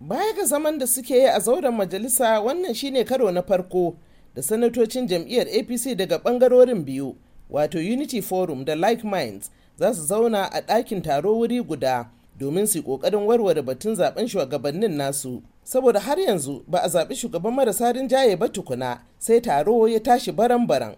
baya ga zaman da suke yi a zauren majalisa wannan shine karo na farko da sanatocin jam'iyyar apc daga bangarorin biyu wato unity forum da like minds za su zauna a ɗakin taro wuri guda domin su ƙoƙarin warware batun zaben shugabannin nasu saboda har yanzu ba a zaɓi shugaban marasa rinjaye ba tukuna sai taro ya tashi baran-baran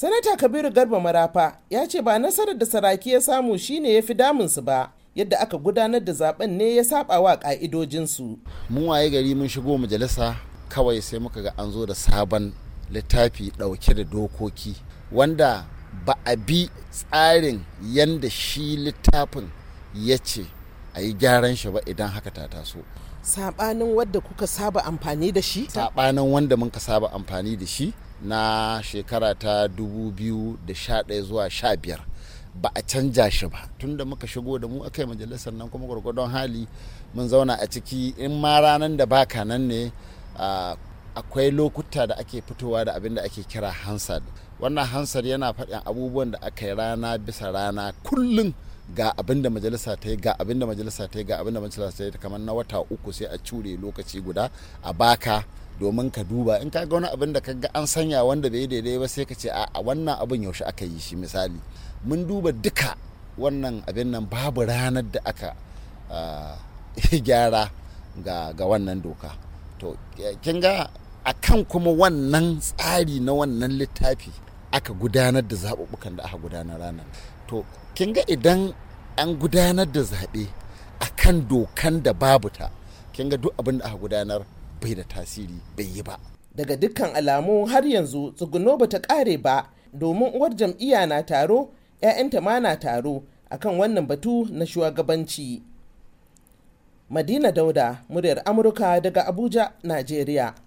sanata kabiru garba marafa ya ce ba nasarar da saraki ya samu shine ya fi damunsu ba yadda aka gudanar da zaben ne ya saba wa ka'idojinsu mu waye gari mun shigo majalisa kawai sai muka ga an zo da sabon littafi dauke da dokoki wanda ba a bi tsarin yadda shi littafin ya ce a yi gyaran shi ba idan haka ta taso sabanin wanda kuka saba amfani da shi sabanin wanda muka saba amfani da shi na shekara ta 2011 zuwa 15 ba a canja shi ba tunda muka shigo da mu aka yi majalisar nan kuma gwargwadon hali mun zauna a ciki in ma ranar da baka nan ne akwai lokuta da ake fitowa da abin da ake kira hansar wannan hansar yana faɗin abubuwan da aka yi rana bisa rana kullum ga abin da majalisa ta yi ga abin da majalisa ta yi ga abin da majalisa ta yi kamar na wata uku sai a cure lokaci guda a baka domin ka duba in ka ga wani abin da ka ga an sanya wanda bai daidai ba sai ka ce a wannan abin yaushe aka yi shi misali mun duba duka wannan abin nan babu ranar da aka ah, gyara ga wannan doka to kin ga a kan kuma wannan tsari na wannan littafi aka gudanar da zaɓuɓɓukan da aka gudanar ranar to kin ga idan an gudanar da zaɓe a kan dokan da babu ta kin ga duk abin da aka gudanar bai da tasiri bai yi ba daga dukkan alamu har yanzu tsuguno ba ta ƙare ba domin uwar jam'iyya na taro 'ya'yanta ma na taro akan wannan batu na shugabanci madina dauda muryar amurka daga abuja najeriya